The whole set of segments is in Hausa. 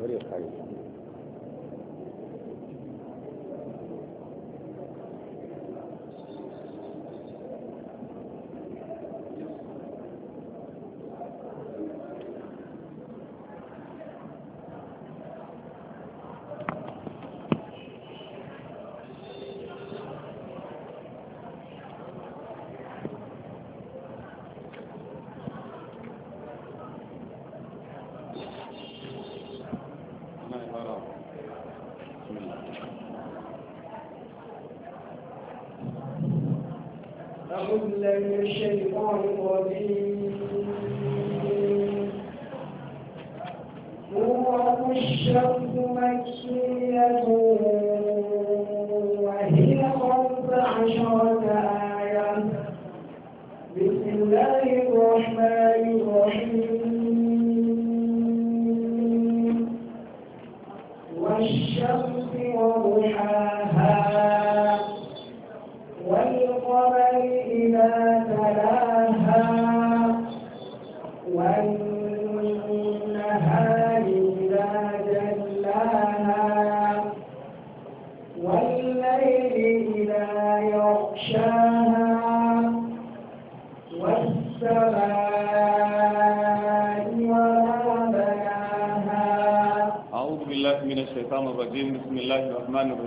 有点可以。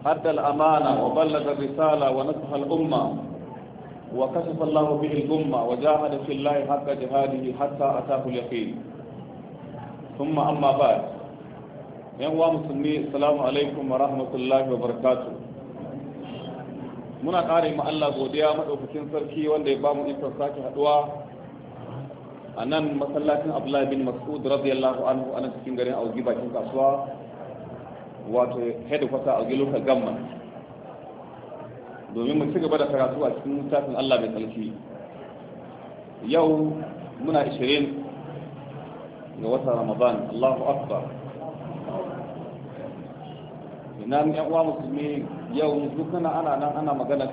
أدى الأمانة وبلغ الرسالة ونصح الأمة وكشف الله به الأمة وجاهد في الله حق جهاده حتى أتاه اليقين ثم أما بعد ينوى مسلمي السلام عليكم ورحمة الله وبركاته muna ƙare ma Allah godiya maɗaukacin sarki wanda ya ba mu ikon sake haɗuwa a nan masallacin Abdullahi bin Mas'ud radiyallahu anhu a cikin garin Augi bakin kasuwa wato headquarter a giloka gamma domin mu ci gaba da karatu a cikin littafin Allah mai tsarki yau muna 20 ga watan Ramadan Allahu akbar ina yan uwa musulmi yau duk ana ana nan ana magana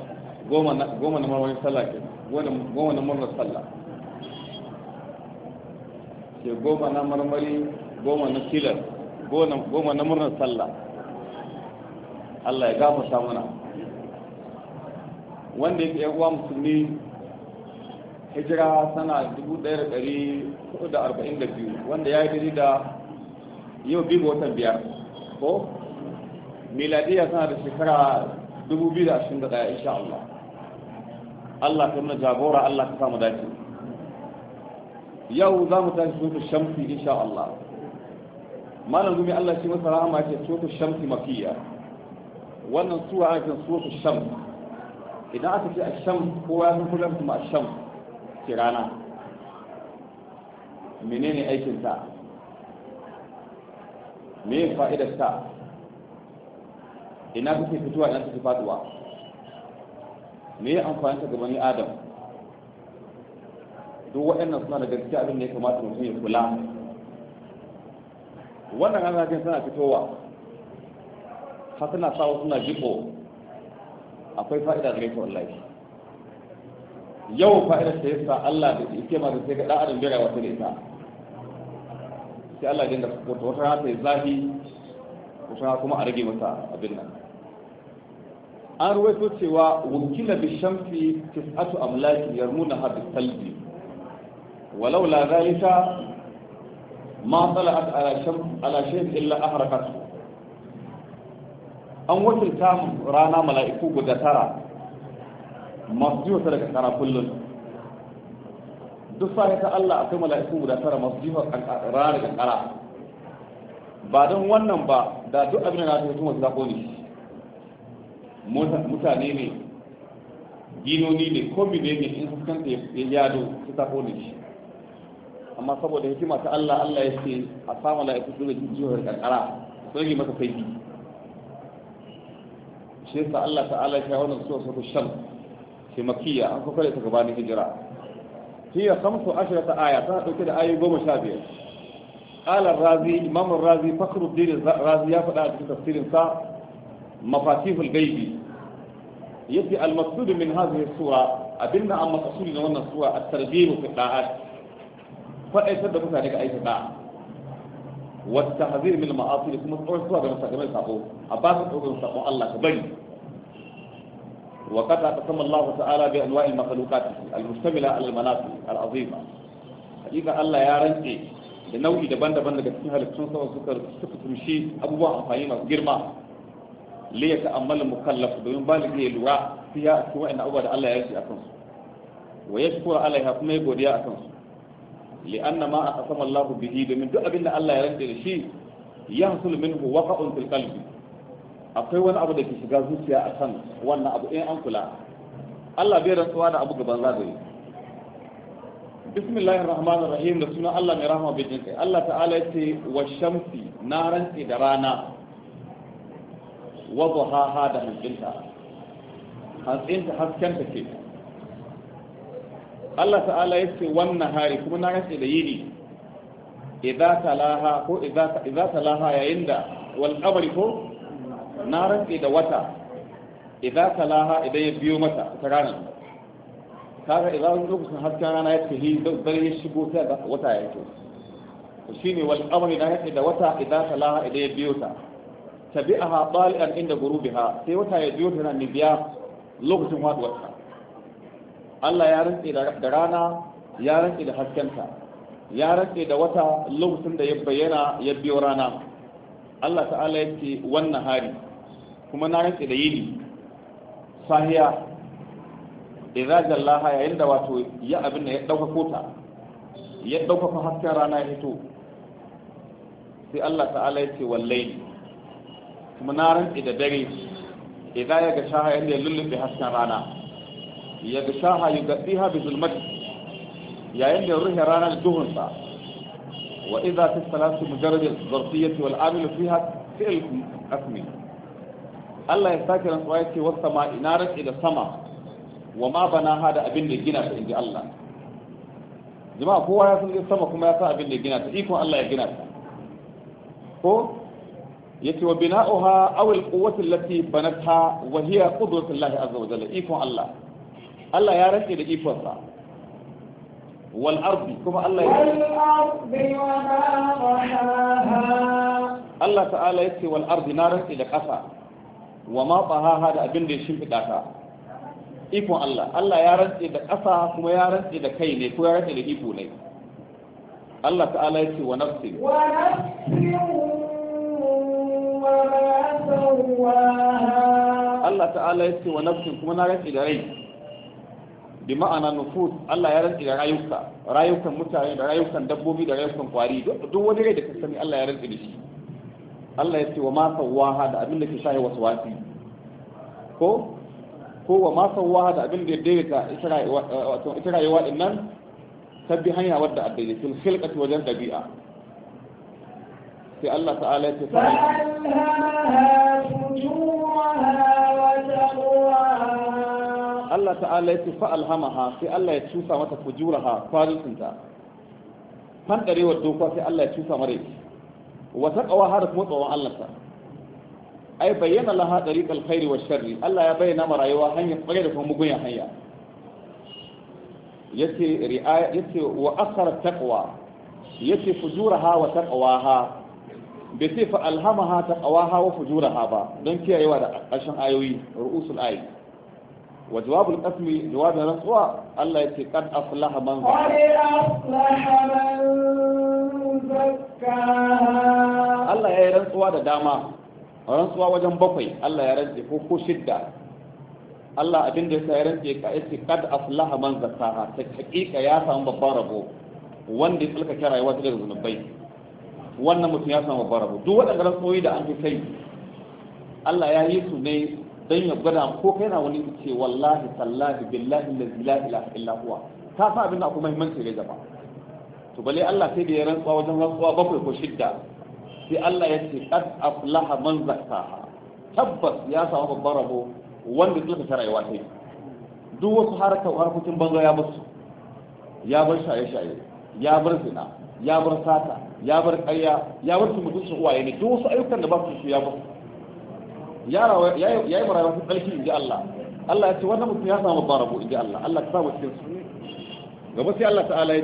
goma na goma marwayin sallah ke goma na murnar sallah ke goma na marmari goma na filar goma na murnar sallah Allah ya gafarta mana wanda ya yan musulmi hijira sana 1442 wanda ya yi daidai da yau biyu watan biyar ko miladiya sana da shekara 2021 insha Allah Allah ka nuna jagora Allah ka samu dace yau za mu tashi sotu shamsi insha Allah malam gumi Allah shi masa rahama ce sotu shamsi mafiya wannan suwa ana kiran suwa sham idan aka ce a sham kowa sun kullum kuma a sham ke rana menene aikinta me fa'idar ta ina kuke fitowa ina kuke faduwa me ya amfani ta gabanin adam duk waɗannan suna da gaskiya abin da ya kamata mutum ya kula wannan ana jin suna fitowa har suna sawa suna jiko akwai fa'ida gare ta wallahi yau fa'idar ta yasa Allah da ke ma da sai ga dan adam bira wata da ita sai Allah ya dinga wata wata rana ta yi zafi wata kuma a rage mata abin nan an ruwaito cewa "Wukila bi shamsi tis'atu amlaki yarmuna ha bi salbi walau la zalika ma tala'at ala shams ala shay'in illa ahraqatu an wakilta rana mala'iku guda tara masu jiwata daga tsara kullum duk sa ta Allah akwai mala'iku guda tara masu jiwata rana daga kara ba don wannan ba da duk abin da na ta hukuma su zaƙo ne mutane ne ginoni ne ko ne ne in fuskanta ya yado su ta ne amma saboda hikima ta Allah Allah ya ce a samu mala'iku su da jiwata daga tsara su masa kaifi shi yasa Allah ta'ala ya wannan suwa su shams ke makiyya an kuka ne ta gabanin hijira hiya khamsu ta aya ta dauke da ayoyi goma sha biyar qala razi imam razi fakhruddin razi ya faɗa a cikin tafsirin sa mafatihul ghaibi Yadda al-maqsud min hadhihi sura abinda an maqsudi na wannan sura at-tarbiyu fi da'at faɗaitar da mutane ga aiki da'a wata hazir mil ma'asu da kuma tsoron suwa ga masakamin sako a ba su tsoron sakon Allah ka bari wa kada ta sama Allah ta'ala bi anwa'il makhluqat al-mustamila al-manasi al-azima hakika Allah ya rantse da nau'i daban-daban daga cikin halittun sama suka suka tumshi abubuwan amfani masu girma li yata'ammal mukallaf domin baligi ya lura fiya cikin Allah ya a wa kuma ya godiya a li'anna ma aqsama Allahu bihi domin duk abin da Allah ya rantsa da shi yahsul minhu waqa'un fil qalbi akwai wani abu da ke shiga zuciya a kan wannan abu in an kula Allah bai rantsuwa da abu gaban zagaye bismillahir rahmanir rahim da sunan Allah mai rahama bai jinkai Allah ta'ala ya ce wa shamsi na rantsi da rana wa duhaha da hanzinta hanzinta haskenta ke Allah ta'ala ya ce wannan hari kuma na rantse da yini idza talaha ko idza idza talaha yayin da wal qamari ko na rantse da wata idza talaha idan ya biyo mata ta ranar kaga idza wani lokacin hasken rana ya tafi dare ya shigo sai da wata ya fito to shine wal qamari na rantse da wata idza talaha idan ya biyo ta tabi'aha tali'an inda gurubiha sai wata ya biyo ta na biya lokacin faduwar Allah ya rantse da rana ya rantse da haskenta ya rantse da wata lokacin da ya bayyana ya biyo rana Allah ta'ala ya ce wannan hari kuma na rantse da yini sahiya idza jallaha ya inda wato ya abin da ya dauka kota ya dauka fa hasken rana ya hito sai Allah ta'ala ya ce wallahi kuma na rantse da dare idza ya ga shaha inda ya lullube hasken rana ya ga shaha yi gaɗiha bi zulmati yayin da ruhe ranar duhunsa wa iza ta salatu mujarrabin zarfiyyati wal amilu fiha fi'il asmi Allah ya sake rantsuwa ya ce wasu sama ina rantsi da sama wa ma bana ha da abin da gina ta inji Allah jama'a kowa ya san sama kuma ya sa abin da gina ta ikon Allah ya gina ta ko yace wa bina'uha aw al-quwwati allati banatha wa hiya qudratu Allah azza wa jalla ikon Allah Allah ya rantse da ikonsa wal ardi kuma Allah ya Allah ta'ala ya ce wal ardi na rantse da ƙasa wa ma tsahaha da abin da ya shimfiɗa ta ikon Allah Allah ya rantse da ƙasa kuma ya rantse da kai ne ko ya rantse da iko ne Allah ta'ala ya ce wa nafsin wa nafsin Allah ta'ala ya ce wa nafsin kuma na rafi da rai bi ma'ana nufus Allah ya rantsi da rayuka rayukan mutane da rayukan dabbobi da rayukan kwari duk wani rai da ka sani Allah ya rantsi da shi Allah ya ce wa ma sawaha da abin da ke shahi wasu wasi ko ko wa ma sawaha da abin da ya daidaita ita rayuwa din nan ta bi hanya wadda a sun khilqati wajen dabi'a sai Allah ta'ala ya ce fa'alhamaha fujuraha wa taqwa Allah ta'ala ya tufa alhamaha sai Allah ya cusa mata fujuraha kwarinta fandarewar doka sai Allah ya cusa mare wa taqwa har kuma tsawon Allah ta ai bayyana laha tariqal khairi wa sharri Allah ya bayyana ma rayuwa hanyar kwarai da kuma mugun hanya yace ri'aya yace wa akhara taqwa yace fujuraha wa taqwaha bai sai fa alhamaha taqwaha wa fujuraha ba don kiyayewa da ƙarshen ayoyi ru'usul ayoyi wa jawabul qasmi jawabun rasuwa Allah yake kad aflaha man Allah ya yi rantsuwa da dama rantsuwa wajen bakwai Allah ya rantse ko ko shidda Allah abin da ya rantse ka yace kad aflaha man zakkaha ta hakika ya samu babban rabo wanda ya tsalka kira rayuwa daga zunubai wannan mutum ya samu babban rabo duk waɗannan rantsuwoyi da an fi Allah ya yi su ne don ya gwada ko kai na wani ce wallahi tallahi billahi la ilaha illa huwa ka sa abin da akwai muhimmanci ga jama'a to bale Allah sai da ya rantsuwa wajen rantsuwa bakwai ko shidda sai Allah ya ce qad aflaha man zakkaha tabbas ya samu babban rabo wanda suka ta rayuwa ta duk wasu harkar harkokin banza ya bar su ya bar shaye-shaye ya bar zina ya bar sata ya bar ƙarya ya bar su mutum su uwaye ne duk wasu ayyukan da ba su ya bar su ya yi marayun ku tsarki in ji Allah Allah ya ce wannan mutum ya samu barabu in ji Allah Allah ta samu cikin su gaba sai Allah ta'ala ya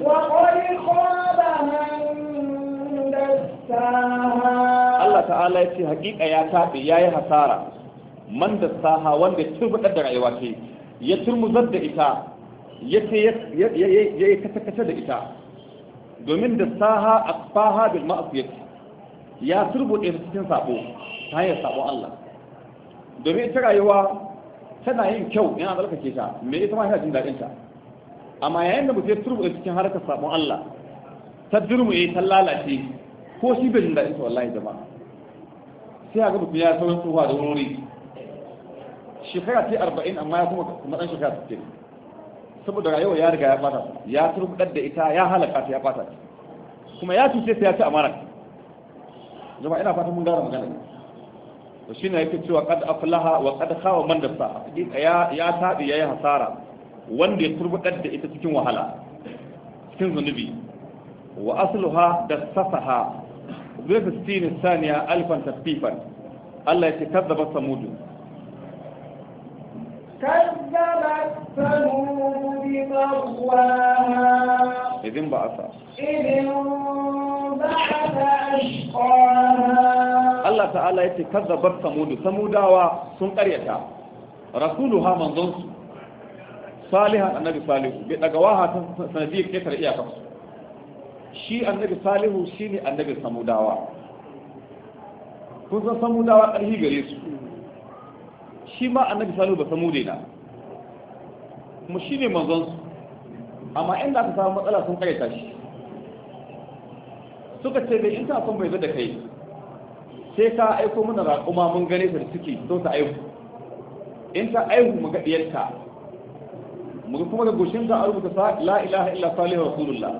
Allah ta'ala ya ce hakika ya taɓe ya yi hasara man da saha wanda ya turbuɗar da rayuwa ce ya turmuzar da ita ya ce ya yi kata-kata da ita domin da saha a faha bil ma'asiyati ya turbuɗe cikin sabo ta hanyar sabon Allah domin ta rayuwa tana yin kyau yana da tsarkake ta me ita ma jin daɗin ta amma yayin da mutum ya turbuɗe cikin harkar sabon Allah ta durmuye ta lalace ko shi bai jin daɗin ta wallahi jama'a sai ga mutum ya sauran tsohuwa da wuri shekara ce arba'in amma ya kuma matsan shekara ce saboda rayuwa ya riga ya fata ya turbuɗar da ita ya halaka ta ya fata kuma ya cuce ta ya ci amara jama'a ina fatan mun gara magana ne to shine yake cewa qad aflaha wa qad khawa man dasaha ya ya tabi yayi hasara wanda ya turbudar da ita cikin wahala cikin zunubi wa asluha dasaha bi fistin saniya alfan tasfifan Allah ya kazzaba samudu كذبت ثمود بطغواها إذ انبعث إذ انبعث أشقاها Allah ta'ala ya ce kazzabar samudu samudawa sun karyata manzon manzonsu salihan annabi salihu bai daga waha ta sanadiyar ketar iyakansu shi annabi salihu shi ne annabi samudawa kun san samudawa ƙarfi gare su shi ma annabi salihu ba samude na kuma shi ne manzonsu amma inda aka samu matsala sun karyata shi suka ce bai in ta son bai zo da kai sai ka aiko mana raƙuma mun gane ta da suke don ta aihu in ta aihu mu ga diyarta mu ga kuma ga goshin ta a rubuta sa la ilaha illa salihu rasulullah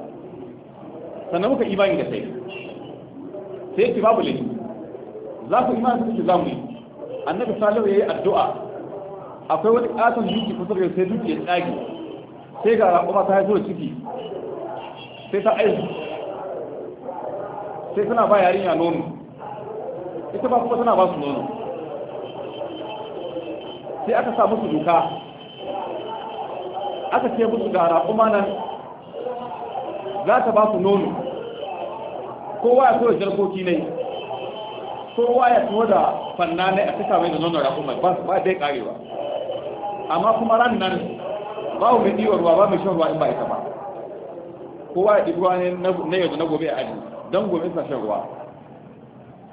sannan muka imani da sai sai ki babu lafi za ku imani da kike zamu yi annabi salihu yayi addu'a akwai wani katon duki kusa da sai duki ya tsage sai ga raƙuma ta haifo da ciki sai ta aihu sai tana ba yarinya nono ita ba kuma tana ba su nono sai aka sa musu duka aka ce musu ga kuma nan za ta ba su nono kowa ya tura jarkoki ne kowa ya tura da fanna ne a kasa mai da nono raƙuma ba su ba dai karewa amma kuma ran nan mu mai ɗiwa ruwa ba mai shan ruwa in ba ita ba kowa ya ɗi ruwa ne na yanzu na gobe a aji don gobe suna shan ruwa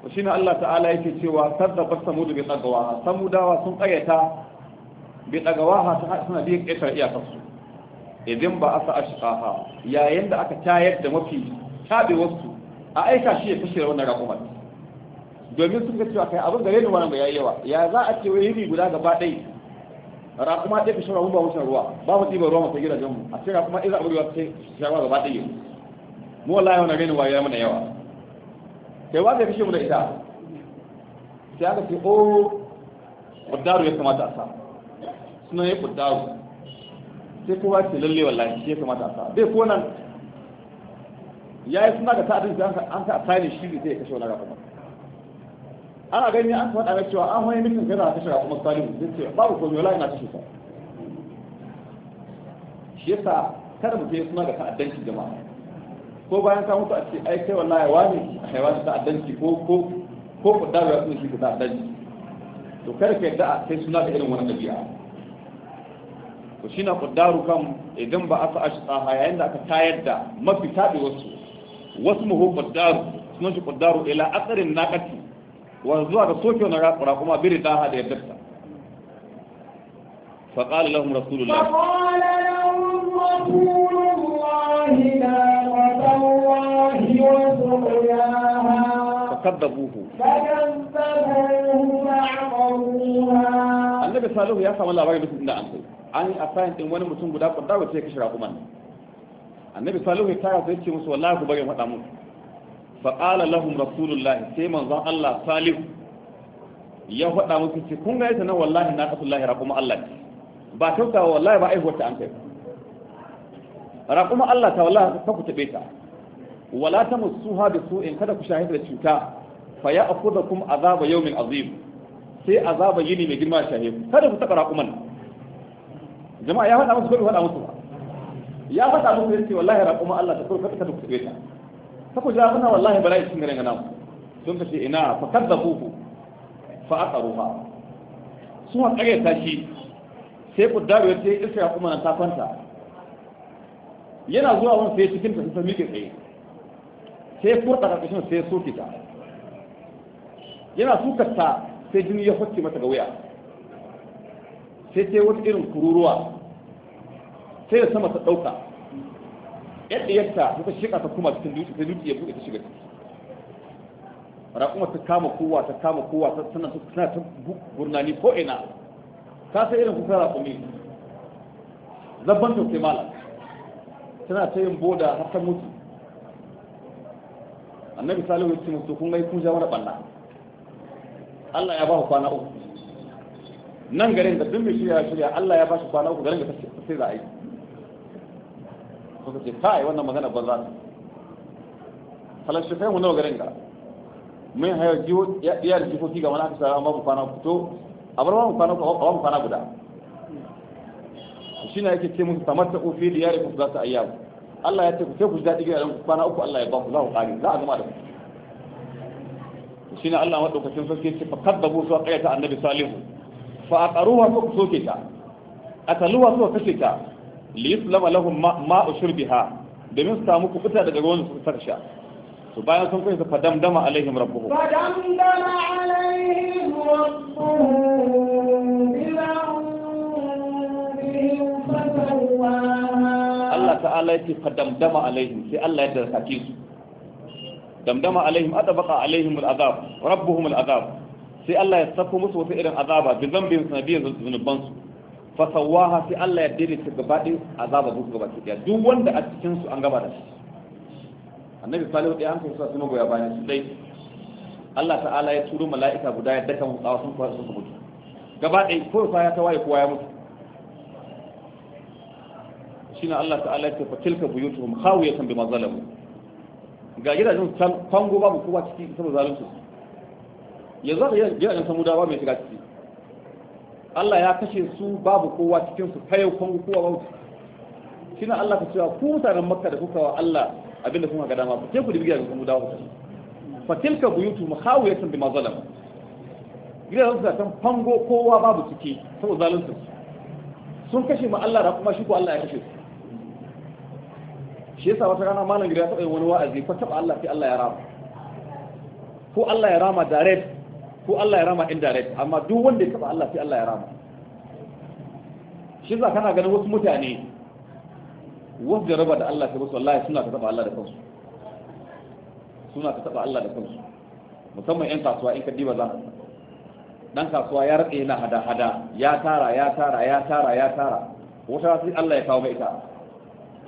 shi ne Allah ta'ala yake cewa sarrafa samudu bi samu samudawa sun ƙayata bi tsagawaha suna biyan ƙetar iyakarsu idan ba asa ashqaha yayin da aka tayar da mafi wasu a aika shi ya kashe wannan raƙumar domin sun ga cewa kai abin gare ni wannan ba yayi yawa ya za a ce wai yiri guda gaba ɗai raƙuma ɗaya kashe raƙuma ba wucin ruwa ba mu ɗiba ruwa mu sai mu a ce raƙuma ɗaya za a sai wa ta gaba ɗaya mu wallahi wannan gani wa ya mana yawa kai wa ka kashe mu da ita sai aka ce o oh, kuddaru ya kamata a sa suna ya kuddaru sai kowa ce lalle wallahi shi ya kamata a sa bai ko nan ya yi suna ga ta'adin da an ka asani shi ne sai ya kashe wani kuma ana gani an faɗa mai cewa an wani mutum kai za a kashe rafa kuma salihu sai ce babu komai wallahi na kashe sa shi yasa kada mu ya suna ga ta'addanci jama'a ko bayan ka mutu a ce ai kai wallahi wani haiwan ta addanci ko ko ko ku da ba su shi ku addanci to kar ka yadda sai kai suna da irin wannan dabi'a to shi na kuddaru kan idan ba aka ashi tsaha yayin da aka tayar da mafi tabi wasu wasu muhu kuddaru suna shi kuddaru ila atsarin naƙati wa zuwa ga sokiyo na raƙura kuma biri daha da yardarsa فقال لهم رسول الله فقال لهم رسول fakaddabuhu annabi salihu ya samu labarin duk inda an kai an yi asayin din wani mutum guda kudda wace ya kashe rakuman annabi salihu ya tara sai ce musu wallahi ku bari faɗa musu fa qala lahum rasulullah sai manzon Allah salihu ya faɗa musu ce kun ga ita wallahi na kasullahi rakuma Allah ba tauta wallahi ba aihuwar ta an kai Allah ta wala ta da su in kada ku shahida cuta fa ya ya'khudhukum azaba yawmin azim sai azaba yini mai girma shahe ku kada ku taba raquman jama'a ya faɗa musu ko faɗa musu ya faɗa musu yace wallahi raquma Allah ta kurka ta ku tabe ta ta ku ja kuna wallahi bala'i cikin garin nan sun ce ina fa kadzabuhu fa aqaruha sun haƙare ta shi sai ku dawo yace iska kuma na ta kwanta yana zuwa wani sai cikin ta sun miƙe tsaye sai furta karkashin sai soke ta yana ta sai jini ya hokke mata ga wuya sai sai wata irin kururuwa sai da sama ta ɗauka yadda yadda ta shiga ta kuma cikin dutse sai dutse ya buɗe ta shiga ciki raƙuma ta kama kowa ta kama kowa ta tana ta gurnani ko ina ta sai irin kusa raƙumi zabban ta malam tana ta yin boda har ta mutu annabi salihu ya ce mutu kun gai kuja ja banna Allah ya ba ku kwana uku nan garin da duk mai shirya shirya Allah ya ba shi kwana uku garin da sai za a yi suka ce kai wannan magana banza za ta halarci mun nawa garin ga mun hayar jiwo ya da ko ga wani aka sa an ba mu kwana uku to a bar ba mu kwana uku a ba mu kwana guda shi na yake ce mun samar ta ofe da yare ku za ta ayyabu Allah ya tafi sai ku ji daɗi ga ku kwana uku Allah ya ba ku za ku ƙari za a zama da ku shi ne Allah maɗaukacin sarki ce fa kaddabu su a ƙayyata annabi salihu fa a ƙaruwa su ku soke ta a taluwa su kace ta li yuslama lahum ma'u shurbiha domin su samu kubuta daga ruwan su ta sha to bayan sun kai su fa damdama alaihim rabbuhum fa damdama alaihim rabbuhum Allah ta'ala yake fa damdama alaihim sai Allah ya darkake su damdama alaihim alaihim al'azab rabbuhum al'azab sai Allah ya musu wata irin azaba bi zambin zunuban su fa sawaha sai Allah ya gaba din azaba su gaba duk wanda a cikin su an gaba da shi annabi salihu ɗaya an kai su magoya bayan su dai Allah ta'ala ya turo mala'ika guda ya daka mu tsawa sun fara suka mutu gaba ɗaya ko ya ta waye kowa ya mutu shine Allah ta'ala ya ce fa tilka buyutuhum khawiyatan bima zalamu ga gidajen kango babu kowa ciki saboda zalunci yanzu da gidajen samudawa mai shiga ciki Allah ya kashe su babu kowa cikin su kai kango kowa babu shine Allah ka cewa ku mutanen Makka da kuka wa Allah abinda kuka ga dama ku ku dibi gidajen samudawa ku fa tilka buyutuhum khawiyatan bima zalamu gidajen su san kango kowa babu ciki saboda zalunci sun kashe ma Allah da kuma shi ko Allah ya kashe su shi yasa wata rana malam gida ta wani wa'azi ko taba Allah sai Allah ya rama ko Allah ya rama direct ko Allah ya rama indirect amma duk wanda ya taba Allah sai Allah ya rama shi yasa kana ganin wasu mutane wasu jaraba da Allah sai wasu wallahi suna ta taba Allah da kansu suna ta taba Allah da kansu musamman yan kasuwa in ka diba za dan kasuwa ya rike yana hada hada ya tara ya tara ya tara ya tara wata sai Allah ya kawo mai ita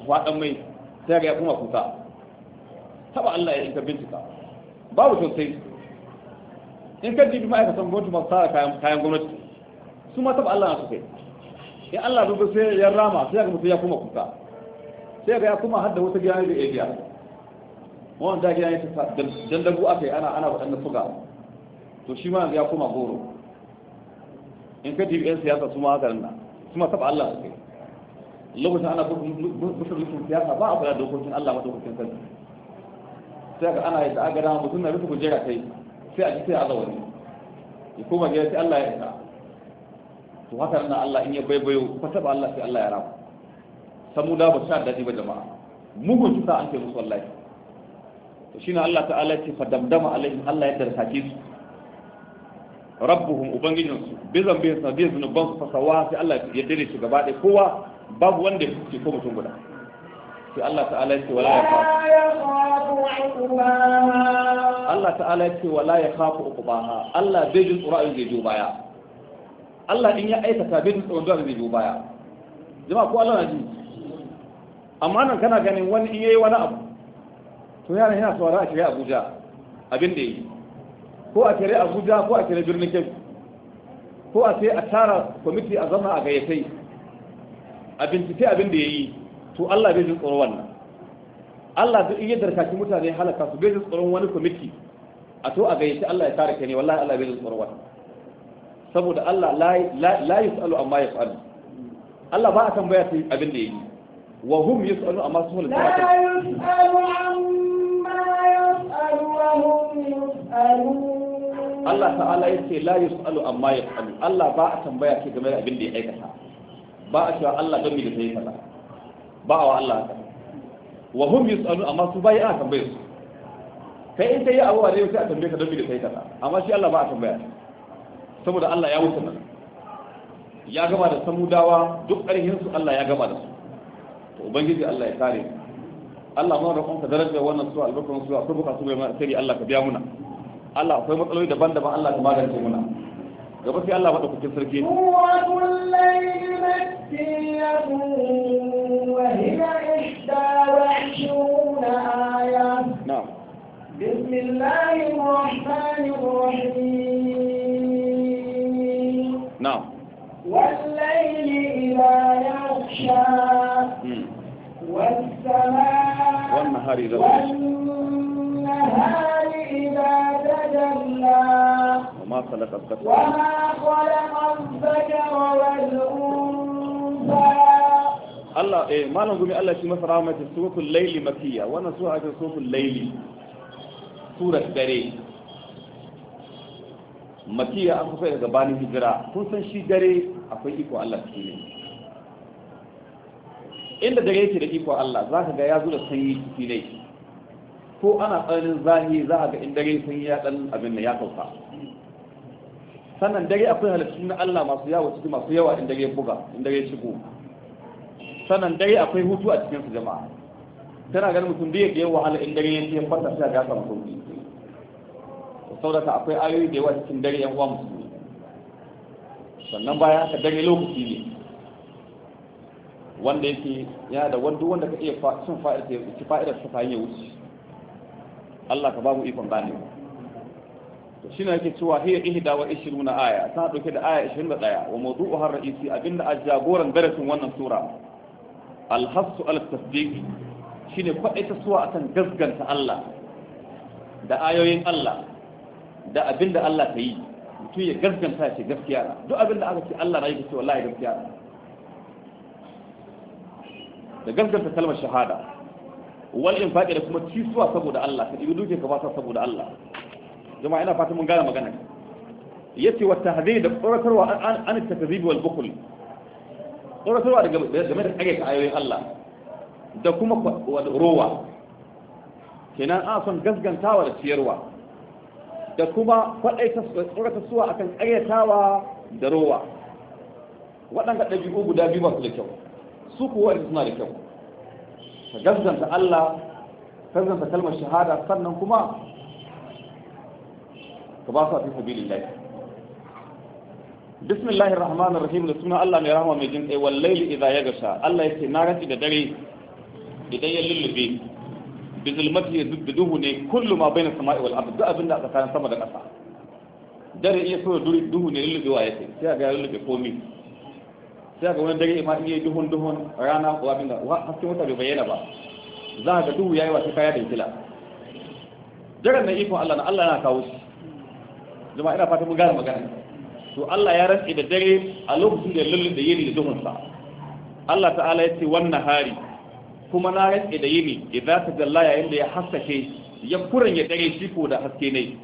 dan mai sai ga ya kuma kuka taba Allah ya yi ka bincika babu sosai in ka jibi ma'aikatan gwamnati masu tsara kayan gwamnati su ma taba Allah na su kai in Allah dubu sai ya rama sai ga mutum ya kuma kuka sai ga ya kuma hadda wata gida da ya biya da gida ne ta dandagu aka yi ana ana waɗanda suga to shi ma ya kuma goro in ka jibi 'yan siyasa su ma haka nan su ma taba Allah su kai lokacin ana musulmin siyasa ba a kula dokokin Allah madaukakin sarki sai ga ana yadda aga dama mutum na rufe kujera kai sai a ji sai a zawani ya koma gida sai Allah ya isa to haka nan Allah in ya baibayo ko taba Allah sai Allah ya rafa samu da ba sha daɗi ba jama'a mugun kisa an kai musu wallahi to shine Allah ta'ala ce fa damdama alaihim Allah ya darsace su rabbuhum ubangijinsu bi zambin sa bi zunuban su fasawa sai Allah ya dare su gaba ɗaya kowa babu wanda ke ko mutum guda sai Allah ta'ala yake wala ya khafu Allah ta'ala yake wala ya khafu uqbaha Allah bai jin tsoro zai jo baya Allah in ya aikata bai jin tsoro zai jo baya jama'a ko Allah na ji amma nan kana ganin wani in yayi wani abu to yaran yana saurara a kire Abuja abin da yi ko a kire Abuja ko a kire birnin Kebbi ko a sai a tara kwamiti a zama a gayyatai a bincike abin da ya yi to Allah bai jin tsoron wannan Allah duk iya darkaci mutane halaka su bai jin tsoron wani kwamiti a to a gayyaci Allah ya tare ka ne wallahi Allah bai jin tsoron wannan saboda Allah la yus'alu amma yaf'alu Allah ba a tambaya sai abin da ya yi wa hum yus'alu amma su hulata la yus'alu amma yaf'alu wa hum yus'alu Allah ta'ala ya ce la yus'alu amma yaf'alu Allah ba a tambaya ke game da abin da ya aikata ba a cewa Allah don da sai kaza ba a wa Allah haka wa hum yus'alu amma su bai a tambaye su kai in kai abuwa ne sai a tambaye ka don da sai kaza amma shi Allah ba a tambaya saboda Allah ya wuce nan ya gama da samudawa duk ƙarhin su Allah ya gama da su to ubangiji Allah ya kare Allah mu roƙon ka daraja wannan su albarkan su a sabuka su mai sirri Allah ka biya muna Allah akwai matsaloli daban-daban Allah ka magance muna gaba sai Allah faɗa kucin sarki بسم الله الرحمن الرحيم نعم والليل إذا يغشى والسماء والنهار إذا والنهار إذا تجلى وما خلق الذكر وما خلق الذكر والأنثى Allah eh malam gumi Allah shi masa rahama ta suratul layli makiyya wannan sura ta suratul layli surat dare makiyya an kusa daga banin hijira kun san shi dare akwai Allah inda dare yake da iko Allah za ka ga ya zo da sanyi ne ko ana tsananin zahi za ka ga in dare sanyi ya dan abin da ya sauka sannan dare akwai halittu na Allah masu yawa ciki masu yawa in dare buga in dare shigo sannan dare akwai hutu a cikin su jama'a tana ganin mutum bai da yawa in dare ya ce fata sai ga samu sauki saboda akwai ayoyi da yawa cikin dare yan uwa musu sannan bayan haka dare lokaci ne wanda yake yana da wanda wanda ka iya cin fa'idar ta fa'idar ya wuce Allah ka ba mu ikon ganewa shi na ke cewa hiya ihda wa ishiruna aya ta dauke da aya ɗaya. wa mawdu'u har ra'isi abinda a jagoran darasin wannan sura alhassu al tasdiq shine kwadaita suwa kan gasganta Allah da ayoyin Allah da abinda Allah ta yi mutum ya gasganta ya ce gaskiya na duk abinda aka ce Allah na yi ce ya gaskiya na da gaskanta kalmar shahada wal faɗi da kuma ci cisuwa saboda Allah ka ɗibi duke ka ba saboda Allah Zama ina fatan mun gane magana yace wata tahdhir da quratarwa an ta wal bukhl quratarwa daga game da kage ka ayoyin Allah da kuma rowa kenan a son gasgantawa da ciyarwa da kuma kwadaita tsoratasuwa akan karyatawa da rowa waɗanda ɗabi'u guda biyu masu da kyau su kuwa da suna da kyau ka gasganta Allah gasganta kalmar shahada sannan kuma ka ba su a fi sabilillahi bismillahir rahmanir rahim da suna Allah mai rahama mai jin kai wallahi idza yagsha Allah yake na rantsi da dare idan ya lullube bi zulmati yadduhu ne kullu ma baina sama'i wal ard da abinda aka tsakanin sama da ƙasa dare iya so duri duhu ne lullube lullubewa yake sai ga lullube komi sai ga wani dare ma iya duhun duhun rana ko abinda hasken wata bai bayyana ba za ga duhu yayi sai kaya da fitila daren nan ikon Allah na Allah na kawo shi Zama ina fata mun gane magana to Allah ya rantsi da dare a lokacin da lullun da yini da duhun sa Allah ta'ala ya ce wannan hari kuma na rantsi da yini idan ta jalla yayin da ya hassake ya kuran ya dare shi ko da haske ne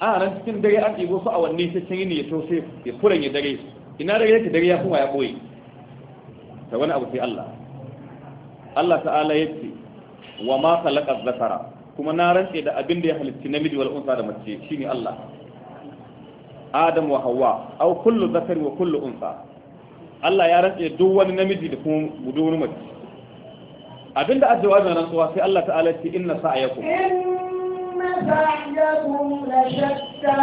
a ran cikin dare an ɗigo su awanni sai cin yini ya to sai ya kuran ya dare ina dare yake dare ya kuma ya boye Ta wani abu sai Allah Allah ta'ala ya ce wa ma khalaqa dhakara kuma na rantse da abin da ya halitti namiji wal unsa da mace shine Allah Adam wa Hawwa aw kullu zakari wa kullu unsa Allah ya rantse duk wani namiji da kuma duk wani mace abinda addu'a wannan rantsuwa sai Allah ta'ala ce inna sa'yakum inna sa'yakum la shatta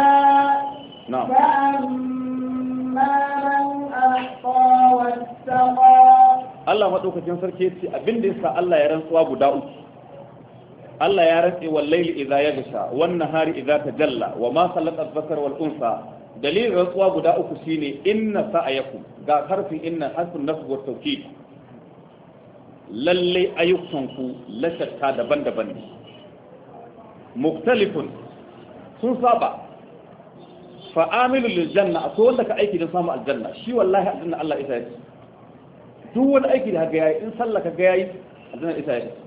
na'am fa amma man ahqa wattaqa Allah madaukakin sarki ce yace abinda yasa Allah ya rantsuwa guda uku Allah ya rantse wal layli idza yaghsha wan nahari idza tajalla wa ma khalaqa adh-dhakara wal unsa dalilin rantsuwa guda uku shine inna sa'ayakum ga harfin inna harfin nasb wa tawkid lalle ku la shatta daban-daban ne muktalifun sun saba fa'amilu lil janna akwai wanda ka aiki don samu aljanna shi wallahi aljanna Allah isa yake duk wani aiki da ka ga yayi in sallah ka ga yayi aljanna isa yake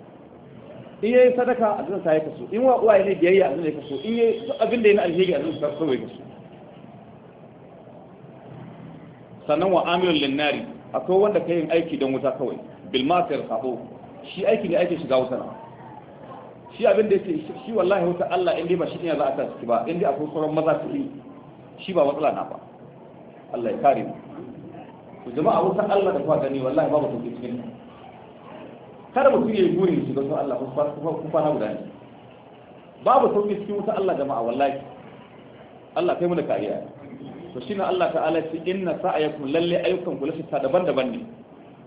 in yayi sadaka a zan sai kaso in wa uwaye ne biyayya a zan kaso in yayi duk abin da ya yana alheri a zan kaso bai kaso sannan wa amilul linnari akwai wanda ka yin aiki don wuta kawai bil masir sabo shi aiki ne aiki shiga wuta na shi abin da ya yake shi wallahi wuta Allah in dai ba shi ne za a ta ciki ba in akwai sauran maza su yi shi ba matsala na ba Allah ya kare mu jama'a wuta Allah da kwa gani wallahi babu sauki cikin ta kada mutum ya yi burin shiga sun Allah kun kwana guda ne babu sauki cikin wuta Allah jama'a wallahi Allah kai mu da kariya to shine Allah ta'ala ce inna sa'ayakum lalle ayyukan ku lashi ta daban-daban ne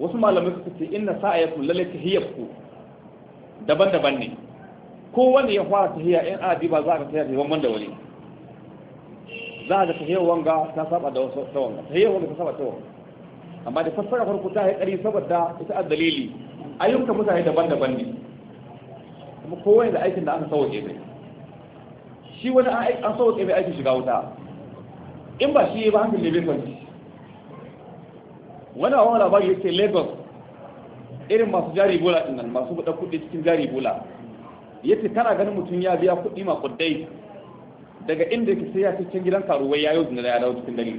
wasu malamai suka ce inna sa'ayakum lalle tahiyyaku daban-daban ne ko wanda ya fara tahiyya in a ba za ka tahiyya ta bamban da wani za ka tahiyya wanga ta saba da wasu ta wanga tahiyya wanga ta saba ta wanga amma da fassara farko ta yi kari saboda ita a dalili ayyukan mutane daban-daban ne kuma kowa da aikin da aka sauke mai shi wani an sauke mai aikin shiga wuta in ba shi ba hankali bai kwanci wani a wani labari yake lagos irin masu jari bola din nan masu buɗa kuɗi cikin jari bola yace kana ganin mutum ya biya kuɗi ma kuɗai daga inda ke sai ya ce can gidan karuwai ya yau da ya dawo cikin dare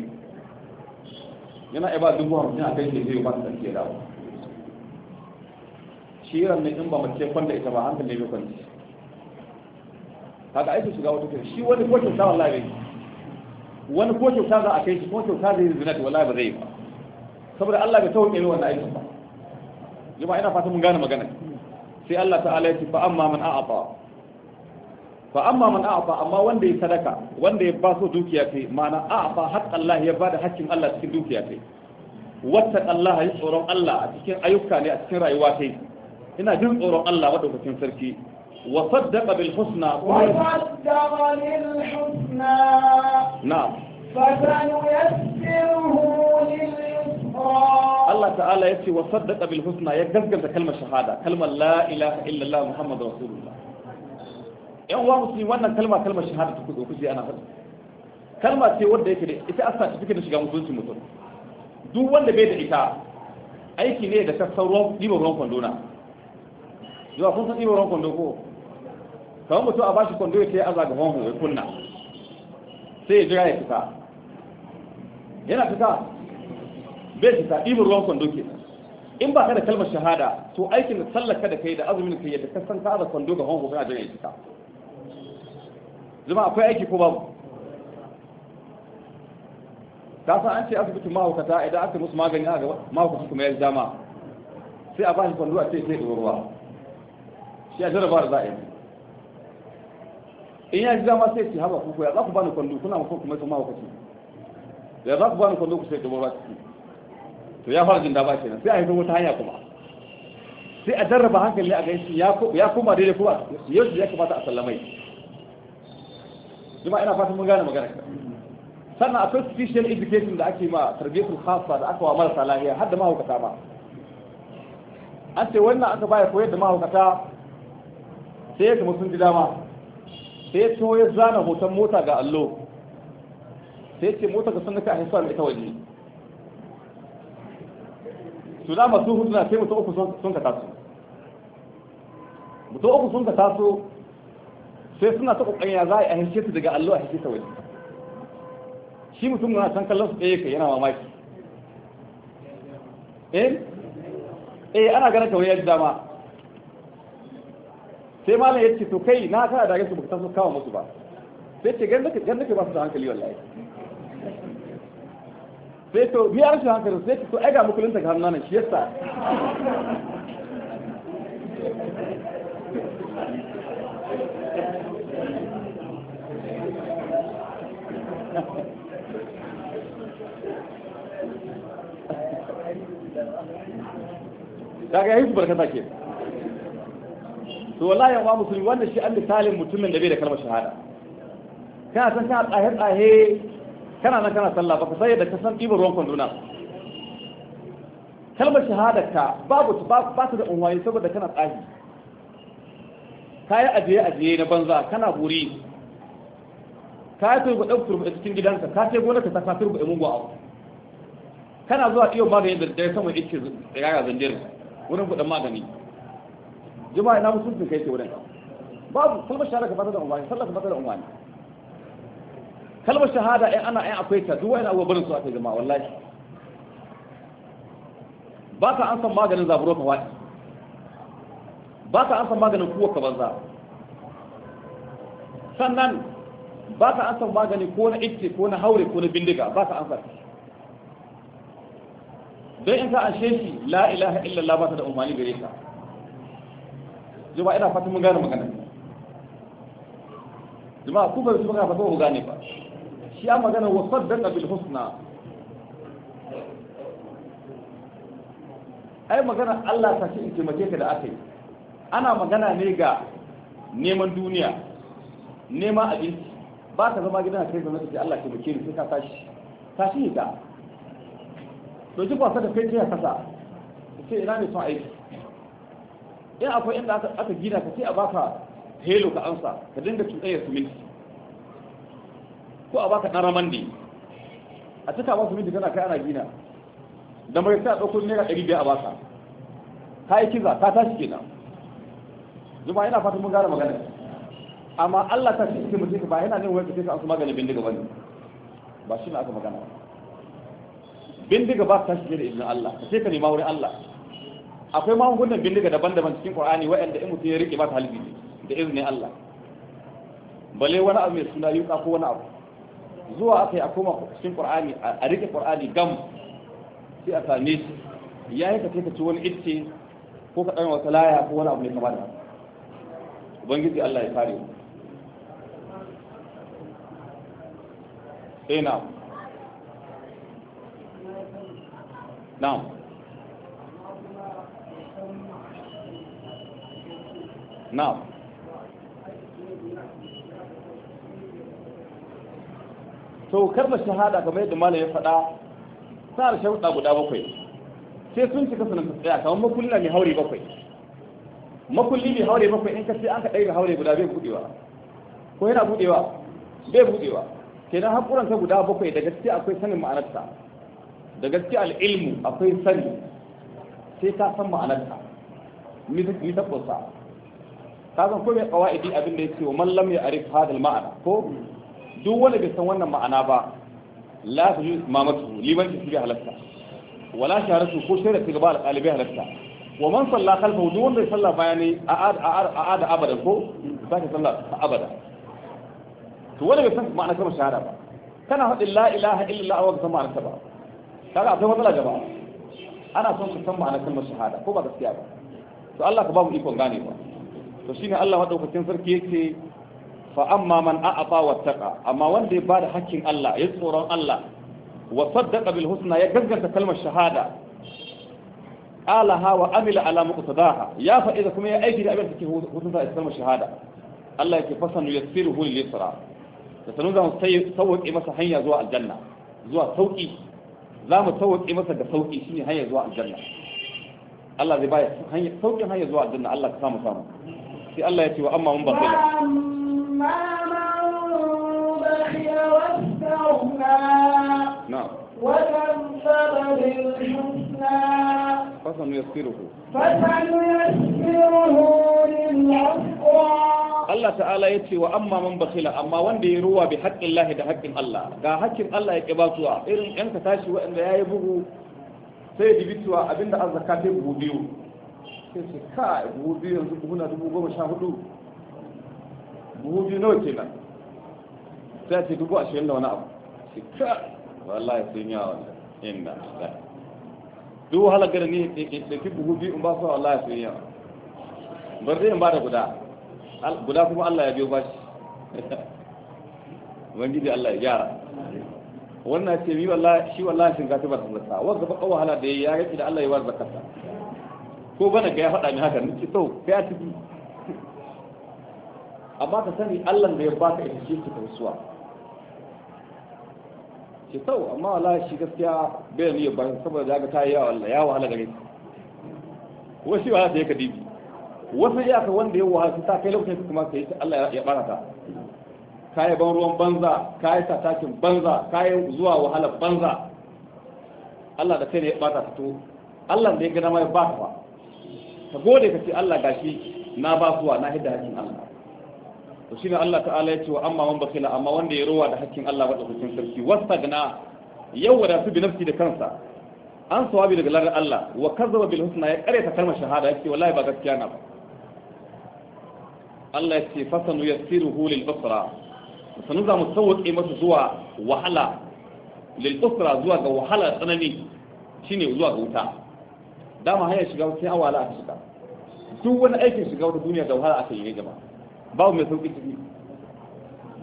yana ba dubu hamsin a kai ke zai ba su ke dawo shi ne in ba mace kwanda ita ba hankali ne bai kwanci haka aiki shiga wata kai shi wani ko kyauta wallahi bai wani ko kyauta za a kai shi ko kyauta zai yi zinat wallahi ba zai ba saboda Allah bai tauke mai wannan aikin ba jama'a ina fata mun gane magana sai Allah ta'ala ya ce fa amma man a'ata fa amma man a'ata amma wanda ya sadaka wanda ya baso dukiya kai ma'ana a'ata haƙƙin Allah ya bada haƙƙin Allah cikin dukiya kai wata Allah ya tsoron Allah a cikin ayyuka ne a cikin rayuwa kai ina jin tsoron Allah madaukakin sarki wa saddaqa bil husna wa saddaqa lil husna na'am Allah ta'ala ya ce wa saddaqa bil husna ya gaskanta kalmar shahada kalmar la ilaha illa illallah muhammadur rasulullah yan uwa musulmi wannan kalma kalmar shahada ta kudo kuje ana faɗi kalma ce wanda yake da ita asa ta fike da shiga musulunci mutum duk wanda bai da ita aiki ne da sassauran ɗiba ruwan kwandona zuwa kun san ɗibarwan kwando ko kawai mutum a bashi kwando ya ce aza gaban mu ya kunna sai ya jira ya fita yana fita bai fita ɗibar ruwan kwando ke in ba ka da kalmar shahada to aikin da sallaka da kai da azumin kai yadda kasan ka aza kwando ga hongo kana jira ya fita zama akwai aiki ko babu ta sa an ce asibitin mahaukata idan aka musu magani a gaba mahaukata kuma ya dama sai a bashi kwando a ce sai ɗorowa shi a jaraba da za a yi in ya ji dama sai ce haba kuku ya za ku bani kwallo kuna mafi kuma kuma wakaci ya za ku bani kwallo ku sai gaba ba ciki to ya fara jin dama kenan sai a yi wata hanya kuma sai a jarraba hankali a gaishe ya koma daidai kuma yau ya kamata a sallamai jima ina fatan mun gane magana sannan akwai special education da ake ma tarbiyyar khassa da aka wa marasa lahiya har da mahaukata ma an ce wannan aka baya koyar da mahaukata sai ya kama sun ji dama sai ya ya zana hoton mota ga allo sai ce mota ka sun ga ta haifa mai ita waje su dama masu hutu na sai mutum uku sun ka taso mutum uku sun ka taso sai suna ta kokarin ya za a yi haife su daga allo a haife ta waje shi mutum na san kallon su ɗaya ka yana mamaki eh, eh ana ganin ta wani ya ji dama sai malam yace to kai na kana da gaske bukatun su kawo musu ba sai ce gan nake gan nake ba su da hankali wallahi sai to mi arshi hankali sai ce to ai ga mukulunta ga hannuna shi yasa daga yi su barkata ke to wallahi yan musulmi wannan shi an misalin mutumin da bai da kalmar shahada kana san kana tsahe tsahe kana nan kana sallah baka sai da ka san ibar ruwan kwanduna kalmar shahada ka babu ba ta da unwaye saboda kana tsahi kayi ajiye ajiye na banza kana buri? ka yi turba ɗan turba a cikin gidanka ka ce gonarka ta ka turba imungu a kana zuwa iyo magani da dare sama yake da yaya zanjir wurin kuɗin magani jama'a ina musulunci kai ke wurin babu kalmar shahada ka bata da umarni sallah ka bata da umarni kalmar shahada in ana in akwai ta duk wani abubuwa barin su akai jama'a wallahi ba ka an san maganin zaburo ka waɗi ba ka an san maganin kuwa ka banza sannan ba ka an san magani ko na ikke ko na haure ko na bindiga ba ka an san don in ka ashe shi la ilaha illallah ba ta da umarni gare ka jama'a ina fatan mun gane magana jama'a ku ba su magana ba ku gane ba shi a magana wa da bil husna ai magana Allah ta ce in taimake ka da akai ana magana ne ga neman duniya neman abinci ba ka zama gidan kai zama sai Allah ke muke sai ka tashi tashi da to ji kwasa da kai ce kasa sai ina ne son aiki in akwai inda aka gina ka sai a baka helo ka amsa ka dinga su minti ko a baka ɗan raman a cika ba minti kana kai ana gina da mai sa ɗauko naira ɗari biyar a baka ka yi kiza ka tashi kenan zuma ina fatan mun gara magana amma Allah ta cikin mutum ba yana ne wani ka amsa maganin bindiga bane ba shi ne aka magana bindiga ba ta shige da izinin Allah ka ce ka nema wurin Allah akwai magungunan bindiga daban-daban cikin Qur'ani wa'anda in mutum ya rike ba ta halbi da izinin Allah bale wani abu mai suna yuka ko wani abu zuwa aka yi a koma cikin Qur'ani a rike Qur'ani gam sai a same shi ya yi ka kai ka ci wani itce ko ka ɗan wata laya ko wani abu mai kama da ubangiji Allah ya kare mu na'am na'am to karba shahada kamar yadda malam ya faɗa sa'ar shauɗa guda bakwai sai sun cika sanin tsaya kamar makulli mai haure bakwai makulli mai haure bakwai in ka ce an ka ɗaya haure guda bai buɗewa ko yana buɗewa bai buɗewa kenan haƙuran ta guda bakwai da gaske akwai sanin ma'anarta da gaske al'ilmu akwai sani sai ta san ma'anarta ni ta ƙusa kasan ko mai qawaidi abin da yake wa man lam ya'rif hadal ma'ana ko duk wanda bai san wannan ma'ana ba la tujuz mamatu liman ki bi halatta wala shaharatu ko shara ki gaba al-qalibi halatta wa man salla khalfahu duk wanda ya salla bayani a ada abada ko ba sake salla abada to wanda bai san ma'ana kalmar shahada ba kana faɗin la ilaha illallah wa san ma'ana ta ba kaga akwai matsala jama'a ana son ka san ma'ana kalmar shahada ko ba gaskiya ba to Allah ka ba mu ikon ganewa to shine Allah madaukakin sarki yake fa amma man a'ata wattaqa amma wanda ya bada hakkin Allah ya tsoron Allah wa saddaqa bil husna ya gaskata kalmar shahada alaha wa amila ala muqtadaha ya fa'ida kuma ya aiki da abin da take husna da kalmar shahada Allah yake fasanu yassiruhu lil yusra da sanu za mu sauƙi masa hanya zuwa aljanna zuwa sauƙi za mu sauƙi masa da sauƙi shine hanya zuwa aljanna Allah zai ba ya sauƙin hanya zuwa aljanna Allah ka samu samu sai Allah ya ce wa amma mun ba sai Allah ta'ala ya ce wa amma man bakila amma wanda ya ruwa bi haƙƙin lahi da haƙƙin Allah ga haƙƙin Allah ya kibatuwa irin yanka tashi waɗanda ya yi bugu sai ya dibi abinda an zaka buhu biyu sai ce kai buhu biyu yanzu buhuna dubu goma sha hudu buhu biyu nawa kenan sai ce dubu ashirin da wani abu sai kai wallahi sun yawa wannan inna lillahi duk wahala gare ni da ki buhu biyu in ba su wallahi sun yawa bar zai ba da guda guda kuma Allah ya biyo ba shi ubangiji Allah ya gyara wannan ce mi wallahi shi wallahi shin gati ba sun zata wanda ba kawo wahala da ya yi ya da Allah ya war zakata ko bana ga ya faɗa min haka nake to kai a ciki amma ka sani Allah da ya baka ita ce ta rusuwa ki tau amma wallahi shi gaskiya bai ne ba saboda daga ta yi Allah ya wahala gare ki wasu ya sai ka dibi wasu ya ka wanda ya wahala ta kai lokacin kuma sai Allah ya bara ta yi ban ruwan banza ta satakin banza yi zuwa wahala banza Allah da kai ne ya bata ta to Allah da ya gana ma ya bata ba ka gode ka ce Allah gashi na ba kuwa na hidda hakkin Allah to shine Allah ta'ala ya ce wa amma man bakila amma wanda ya rowa da hakkin Allah ba dokokin sarki wastagna yau da su bi nafsi da kansa an sawabi daga ladar Allah wa kazzaba bil husna ya kare ta kalmar shahada yake wallahi ba gaskiya na ba Allah ya ce fasanu yassiruhu lil usra sanu za mu sauke masa zuwa wahala lil usra zuwa ga wahala tsanani shine zuwa ga wuta dama hanyar shiga sai an wahala aka shiga duk wani aikin shiga wata duniya da wahala aka yi ne jama'a babu mai sauƙi ciki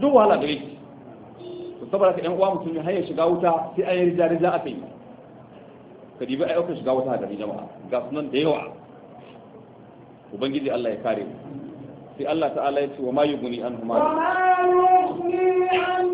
duk wahala gare shi to saboda ka ɗan uwa mutum ne hanyar shiga wuta sai an yi rija rija aka yi ka dibi ayyukan shiga wuta gare jama'a ga sunan da yawa ubangiji Allah ya kare mu sai Allah ta'ala ya ce wa ma yughni anhum ma yughni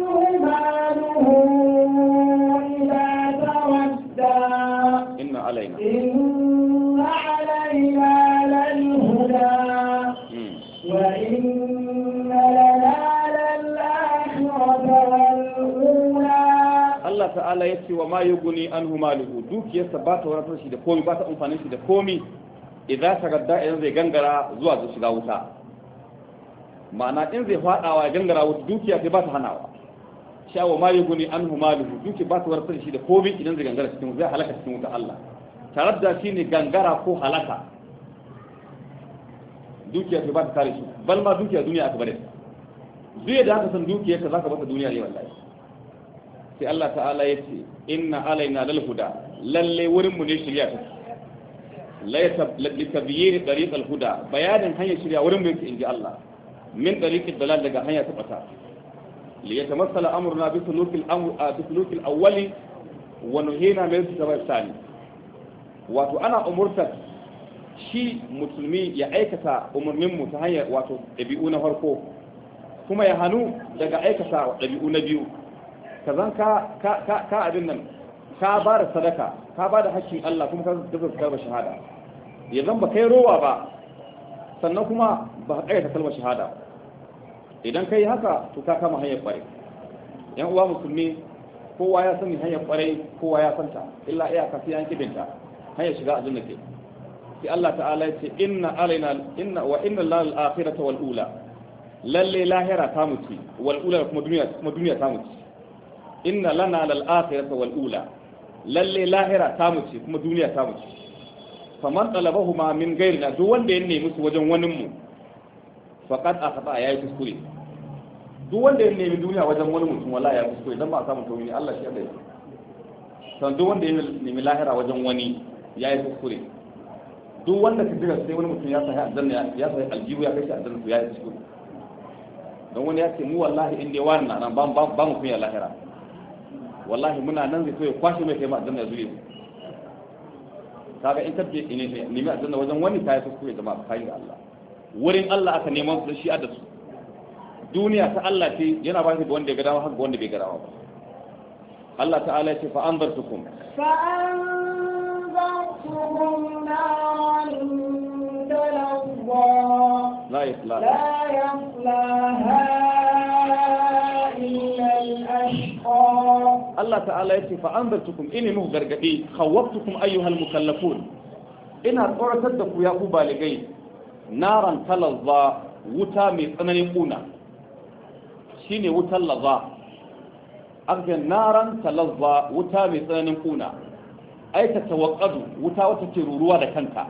ta'ala ya ce wa ma an anhu maluhu dukiyarsa ba ta wadatar shi da komi ba ta amfani shi da komi idan tagadda idan zai gangara zuwa zuwa shiga wuta ma'ana in zai fadawa ya gangara wuta dukiya sai ba ta hanawa sha wa ma an anhu maluhu dukiya ba ta wadatar shi da komi idan zai gangara cikin zai halaka cikin wuta Allah taradda ne gangara ko halaka dukiya sai ba ta kare shi bal ma dukiya duniya aka bare zai da haka san dukiya ka zaka bata duniya ne wallahi sai Allah ta'ala ya ce inna alaina lal huda lalle wurin mu ne shirya ta laysa tabyir tariq al huda bayanin hanyar shirya wurin mu ne inji Allah min tariq al dalal daga hanya ta bata li yatamassala amruna bi suluk al amr bi suluk al awwali wa nuhina min suluk al wato ana umurta shi musulmi ya aikata mu ta hanyar wato ɗabi'u na farko kuma ya hannu daga aikata ɗabi'u na biyu ka zan ka abin nan ka ba da sadaka ka ba da haƙƙin Allah kuma ka zuba kalmar shahada ya zan ba kai rowa ba sannan kuma ba ka ta kalmar shahada idan ka yi haka to ka kama hanyar kwarai yan uwa musulmi kowa ya sani hanyar kwarai kowa ya santa illa iyaka sai an kibinta hanyar shiga aljanna ke sai Allah ta'ala ya ce inna alaina inna wa inna lillahi al-akhirata wal ula lalle lahira ta mutu wal ula kuma duniya kuma duniya ta mutu inna lana lal akhirata wal ula lalle lahira ta mu ce kuma duniya ta mu ce faman ma min ghayrina duk wanda ya nemi su wajen wani mu faqad akhata yi kuskure duk wanda ya nemi duniya wajen wani mutum wallahi ya kuskure dan ba a samu tawili Allah shi Allah san duk wanda ya nemi lahira wajen wani ya yi kuskure duk wanda ka jira sai wani mutum ya sahi aljanna ya sahi aljihu ya kai shi aljanna ya yi kuskure don wani ya ce mu wallahi inda wani na nan ba mu kunya lahira wallahi muna nan zai so kwashe mai kai ma aljanna ya zure kaga in tabbe ne nemi aljanna wajen wani ta yi da jama'a kai da Allah wurin Allah aka neman su shi a da su duniya ta Allah ce yana ba shi ga wanda ya gadawa har ga wanda bai gadawa ba Allah ta'ala ya ce fa anzartukum fa anzartukum naran talawwa la yaslaha la yaslaha Allah ta'ala ya ce fa'anzartukum ini muku gargadi khawwaftukum ayyuhal mukallafun ina tsoratar da ku ya ku baligai naran talazza wuta mai tsananin kuna shine wutar lazza aka naran talazza wuta mai tsananin kuna ai ta wuta wata ke ruruwa da kanta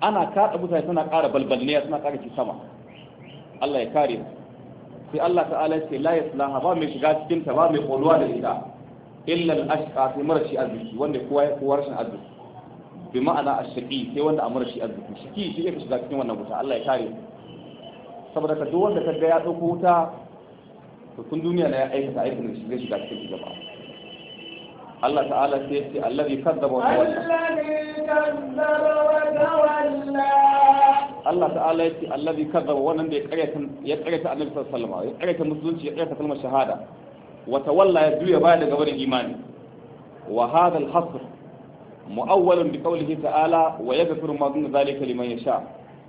ana kada mutane suna ƙara balbalniya suna ƙara sama Allah ya kare sai Allah ta'ala ce la yaslaha ba mai shiga cikin ta ba mai koduwa da ita illa al-ashqa sai marashi arziki wanda kowa ya kowa rashin arziki bi ma'ana ashqi sai wanda amara shi arziki shiki shi yake shiga cikin wannan wuta Allah ya kare saboda ka duk wanda ka ga ya dauko wuta to tun duniya na ya aikata aikin da shi zai shiga cikin gaba Allah ta'ala sai ya ce allazi kadzaba wa tawalla allazi kadzaba wa tawalla Allah ta'ala ya ce allazi kadhaba wannan da ya karyata ya karyata annabi sallallahu alaihi wasallam ya karyata musulunci ya karyata kalmar shahada wa tawalla ya duya baya daga barin imani wa hadha al-hasr mu'awwalun bi qawlihi ta'ala wa yaghfiru ma dun dhalika liman yasha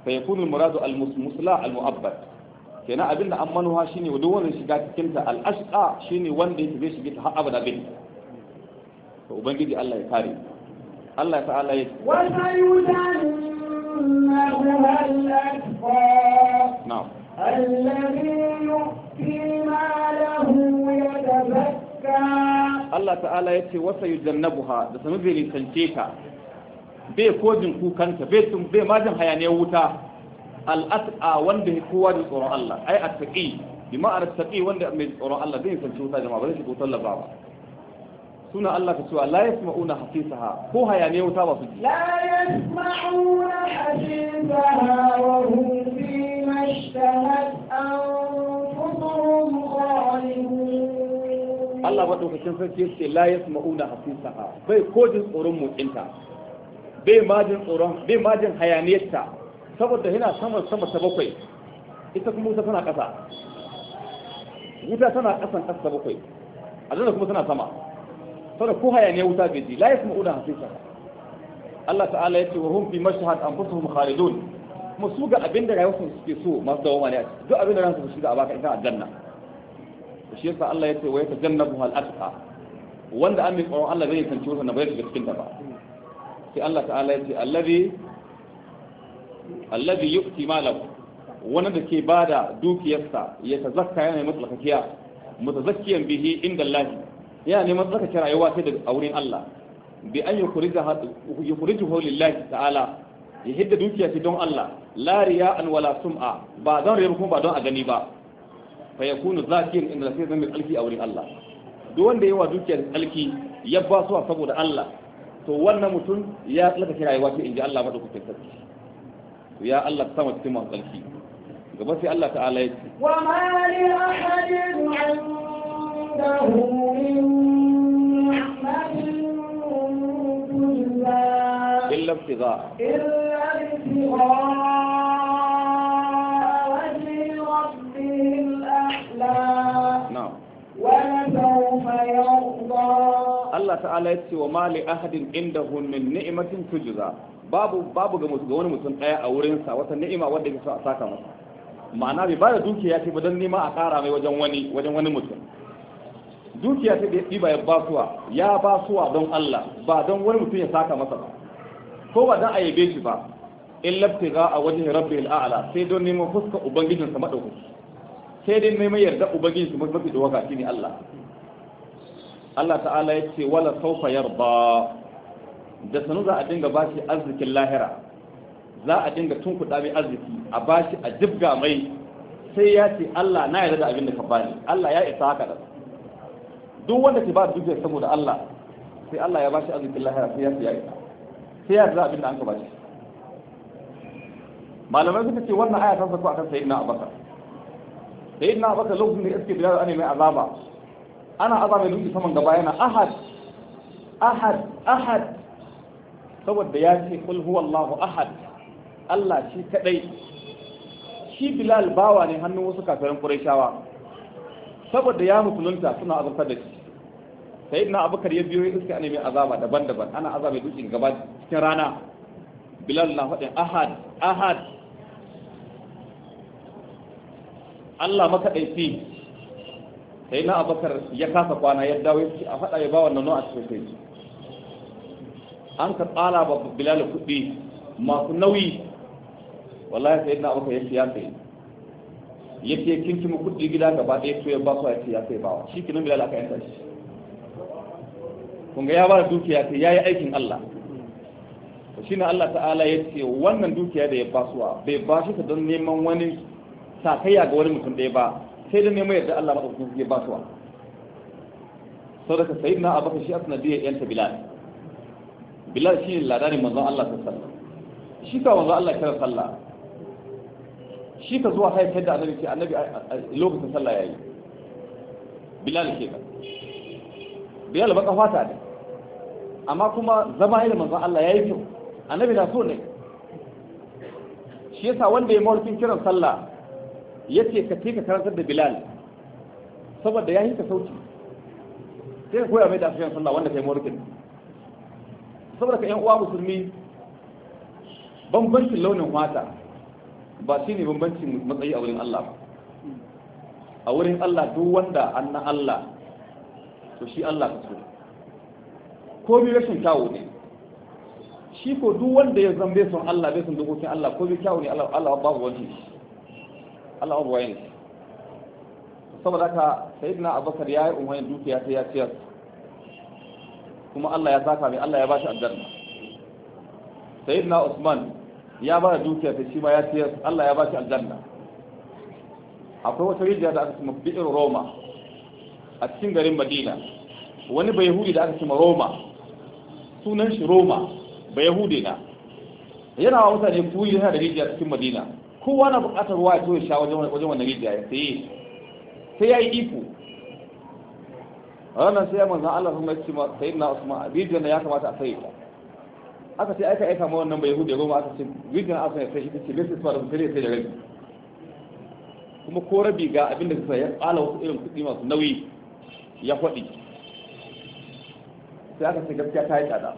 fa yakunu al-muradu al-musla al-mu'abbad kenan abinda an manuha shine duk wanda shiga cikin ta al-ashqa shine wanda yake zai shiga ta har abada bin ubangiji Allah ya kare Allah ta'ala ya wa هو الأكفار نعم الذي يؤتي ماله يتزكى Allah ta'ala ya ce wasa yi jannabuha da sami bai nisance ka bai kojin kukanta bai tun bai majin hayaniyar wuta al'as'a wanda ya kowa da tsoron Allah ai a taƙi bi ma'anar taƙi wanda mai tsoron Allah bai nisance wuta jama'a ba zai shiga wutar labawa suna Allah ka cewa la yasma'una hasisaha ko hayaniya wuta ba su ji la yasma'una hasisaha wa hum fi mashtahat anfusuhum khalidun Allah madaukakin sarki yace la yasma'una hasisaha bai ko jin tsoron motsinta bai ma jin tsoron bai ma jin hayaniyarta saboda yana sama sama ta bakwai ita kuma wuta tana ƙasa wuta tana ƙasan ƙasa bakwai a kuma tana sama saboda ko hayaniya wuta bai ji la yasma'una hasisa Allah ta'ala yace wa hum fi mashhad anfusuhum khalidun kuma su ga abin da rayuwarsu suke so masu dawoma ne duk abin da ransu su ga abaka ita aljanna shi yasa Allah yace wa yatajannabu al atqa wanda an mai tsoron Allah bai tantance na bai shiga cikin ta ba sai Allah ta'ala yace allazi allazi yu'ti malahu wanda da ke bada dukiyarsa ya tazakka yana mutlakakiya mutazakkiyan bihi inda Allah yana neman tsarkake rayuwa sai daga a wurin Allah bi an yukhrijuhu lillahi ta'ala ya hidda dukiya ce don Allah la riya'an wala sum'a ba don riya kuma ba don a gani ba fa yakunu zakirin inda sai zama alki a wurin Allah duk wanda yawa dukiya da alki ya ba su saboda Allah to wannan mutum ya tsarkake rayuwa ce inji Allah madaukakin sarki to ya Allah sama cikin masu alki gaba sai Allah ta'ala ya ce wa ma li ahadin allah ta'ala إلا ابتغاء وجه ربه الأعلى نعم ولسوف يرضى الله babu babu ga mutum ga wani mutum daya a wurinsa wata ni'ima wanda ke so a saka masa ma'ana bai bada dukiya ce ba don nema a kara mai wajen wani wajen wani mutum dukiya ta da ya ɗiba ya basuwa ya basuwa don Allah ba don wani mutum ya saka masa ba ko ba don a yabe shi ba in labtiga a wajen rabbi al'ala sai don neman fuska ubangijinsa maɗauku. sai dai neman yarda ubangijinsa mafi waka shi ne Allah Allah ta'ala ya ce wala saufa yarba da sanu za a dinga bashi arzikin lahira za a dinga tunkuɗa mai arziki a bashi a jibga mai sai ya ce Allah na yarda da abin da ka bani Allah ya isa haka da duk wanda ke ba da dukiyar saboda Allah sai Allah ya ba shi arzikin lahira sai ya siya ita sai ya zaɓi abin da an ka bashi malamai suka ce wannan aya ta sako akan sayyidina abakar sayyidina abakar lokacin da ya iske bilal ne mai azaba ana azaba mai saman gaba yana ahad ahad ahad saboda ya ce kul huwallahu ahad Allah shi kadai shi bilal bawa ne hannun wasu kafirin shawa. saboda ya musulunta suna azabtar da shi sai na abubakar ya biyo iska ne mai azaba daban-daban ana azaba ya dukkan gaba cikin rana bilal na faɗin ahad ahad Allah makaɗaifi sai na abubakar ya kasa kwana ya dawo yake a faɗa ya ba wannan a cikin kai an ka tsala ba bilal kuɗi masu nauyi wallahi sai na abubakar ya siya sai ya ce kin kudi gida gaba ɗaya to ya ba su ya ce ya sai bawa shi nan bilal aka yanta shi kun ga ya ba dukiya ta yayi aikin Allah to shine Allah ta'ala ya ce wannan dukiya da ya ba su bai ba shi ta don neman wani sakayya ga wani mutum ɗaya ba sai da neman yadda Allah madaukakin ya ba suwa sau da ka sayi na abaka shi asna biya yanta bilal bilal shi ne ladarin manzon Allah ta sallah shi ka manzon Allah kira sallah shi ka zuwa haifar da annabi ce annabi lokacin sallah yayi bilal ke ka bilal baka fata ne amma kuma zama irin manzon Allah ya yi kyau annabi na so ne shi yasa wanda ya mawarfin kiran sallah yace ka ce ka karantar da bilal saboda yi ka sauki sai ka koya mai da kiran sallah wanda yi mawarfin saboda ka yan uwa musulmi bambancin launin fata ba shi ne bambancin matsayi a wurin Allah a wurin Allah duk wanda an na Allah to shi Allah ka so ko bi rashin kyawu ne shi ko duk wanda ya zan bai son Allah bai son dokokin Allah ko bi kyawu ne Allah babu wani Allah babu wani saboda ka sayyidina abubakar ya yi umarnin dukiya ta ya ciyar kuma Allah ya saka mai Allah ya bashi aljanna sayyidina usman ya ba da dukiya ta shi ma ya siyar Allah ya ba shi aljanna akwai wata rijiya da aka cima bi'ir Roma a cikin garin Madina wani bai yahudi da aka cima Roma sunan shi Roma bai yahudi na yana wa mutane kuyi yana da rijiya cikin Madina kowa na bukatar ruwa ya toye sha wajen wannan rijiya ya saye sai ya yi iko ranar sai ya manzan Allah sun mai cima sayi na Usman rijiyar ya kamata a sayi ta aka ce aika aika ma wannan bai hude goma aka ce wigan aka ya sai ce lissa ba da mutane sai da rabi kuma ko rabi ga abin da kusa ya tsala wasu irin kuɗi masu nauyi ya faɗi sai aka ce gaskiya ta yi tsada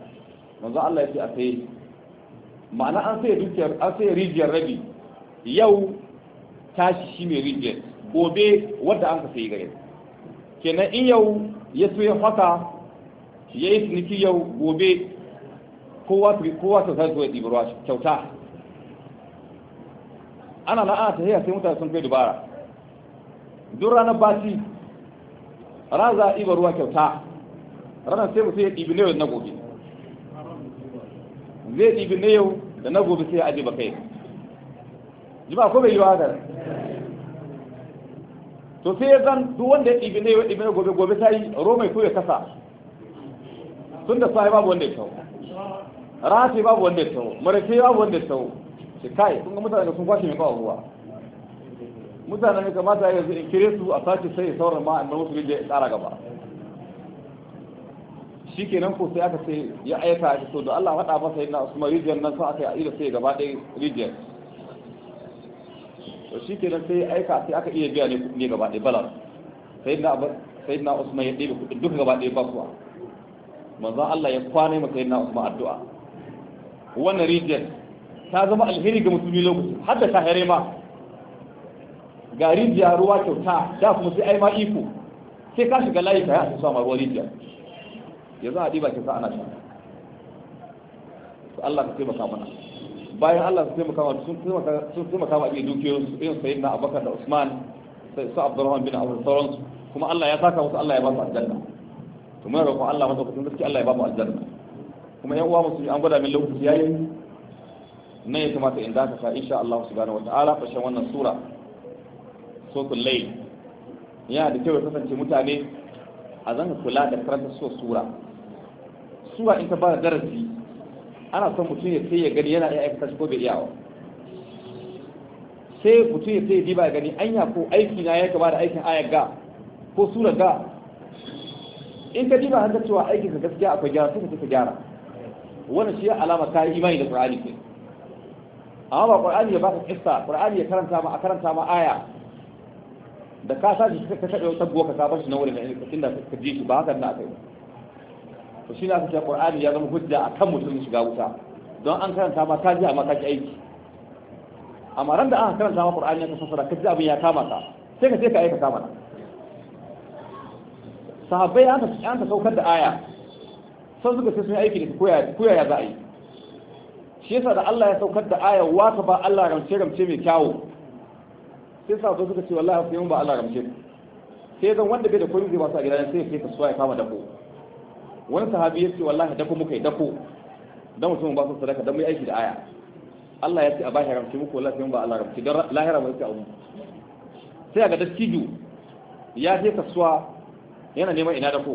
manzo Allah ya ce a sai ma'ana an sai dukiyar an sai rijiyar rabi yau tashi shi mai rijiyar gobe wadda an ka sai gare kenan in yau ya so ya faka ya yi yau gobe kowa kowa kyauta zuwa ɗibi ruwa kyauta ana na'a ta hiyar sai mutane sun kai dubara duk ranar basi ranar za a ɗiba ruwa kyauta ranar sai mutum ya ɗibi na yau da na gobe zai ɗibi na yau da na gobe sai ya ajiye ba kai ba ko bai yi wa to sai ya zan duk wanda ya ɗibi na yau ɗibi na gobe gobe ta yi romai ko ya kasa tun da sahi babu wanda ya kyau rana babu wanda ya taho marafe babu wanda ya taho ce kai kun ga mutane sun kwashe mai kawo ruwa mutane ne kamata yanzu in kire su a sace sai ya sauran ma annabi musulmi da ya tsara gaba shi kenan ko sai aka sai ya aika a so da Allah faɗa masa yana Usman rijiyar nan sai aka yi sai gaba ɗaya rijiyar to shi kenan sai aika sai aka iya biya ne gaba ɗaya balar sai na Usman ya ɗebe kuɗin duka gaba ɗaya ba kuwa manzon Allah ya kwana masa yana kuma addu'a wannan rijiyar ta zama alheri ga musulmi lokaci har da tahere ma ga rijiya ruwa kyauta da kuma sai ai ma iko sai ka shiga layi kai a tsama ruwa rijiya za a diba sa ana sha Allah ka taimaka mana bayan Allah sun taimaka mana sun taimaka mana iya dukiyoyinsu irin sayyidina Abubakar da Usman sai su Abdurrahman bin Abu sauransu kuma Allah ya saka musu Allah ya ba su aljanna to muna roƙon Allah madaukakin gaskiya Allah ya ba mu aljanna kuma yan uwa yi an gwada min lokaci yayi Na ya kamata in daka ka insha Allah subhanahu wataala shan wannan sura sotul layl yana da kyau ya kasance mutane a zanga kula da karanta so sura sura in ta ba darasi ana son mutum ya sai ya gani yana iya aikata shi ko bai wa. sai mutum ya sai ya diba gani anya ko aiki na ya kama da aikin ayar ga ko sura ga in ka diba hanga cewa aikin ka gaskiya akwai gyara sai ka gyara wannan shi alama ta imani da Qur'ani ne amma ba Qur'ani ya baka kissa Qur'ani ya karanta ma a karanta ma aya da ka sa shi ka kaɗe wata buwa ka sabar shi na wurin da inda ka ji shi ba hakan na yi. to shi na aka ce Qur'ani ya zama hujja a kan mutum shiga wuta don an karanta ma ta ji amma ka ki aiki amma ran da aka karanta ma Qur'ani ya ka fasara ka ji abin ya kama ka sai ka sai ka kama mana sahabbai an ta saukar da aya sun suka sai sun aiki da koya ya za a yi shi yasa da Allah ya saukar da aya wa ka ba Allah ramce ramce mai kyawu sai sa suka ce wallahi sai mun ba Allah ramce sai zan wanda bai da koyi zai ba su a gidan sai sai ka suwa ya kama dako wani sahabi ya ce wallahi dako muka yi dako dan mutum ba su sadaka dan mu aiki da aya Allah ya ce a ba ramce muku wallahi sai mun ba Allah ramce dan lahira ba yake abu sai ga dattijo ya je kasuwa yana neman ina da ko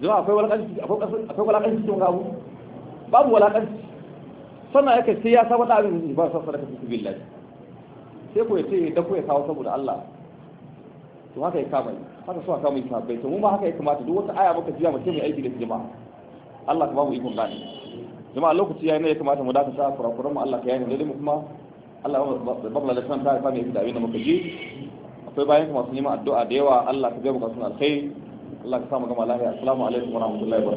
zuwa akwai walakanci akwai walakanci cikin abu babu walakanci sannan yake sai ya saba da abin ba sa sadaka fi billahi sai ko yace da ko ya kawo saboda Allah to haka ya kama haka so kama ka bai to mu ma haka ya kamata duk wata aya muka jiya mutum mai aiki da jama'a Allah ka ba mu ikon gani jama'a lokaci yayin ya kamata mu dakata kurakuran mu Allah ka yayin da mu kuma Allah ba ba da san ta fa mai da abin da muka ji akwai bayan ka masu nima addu'a da yawa Allah ka biya suna alkhairi Allah ka samu gama lafiya assalamu alaikum wa rahmatullahi wa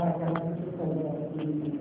barakatuh amin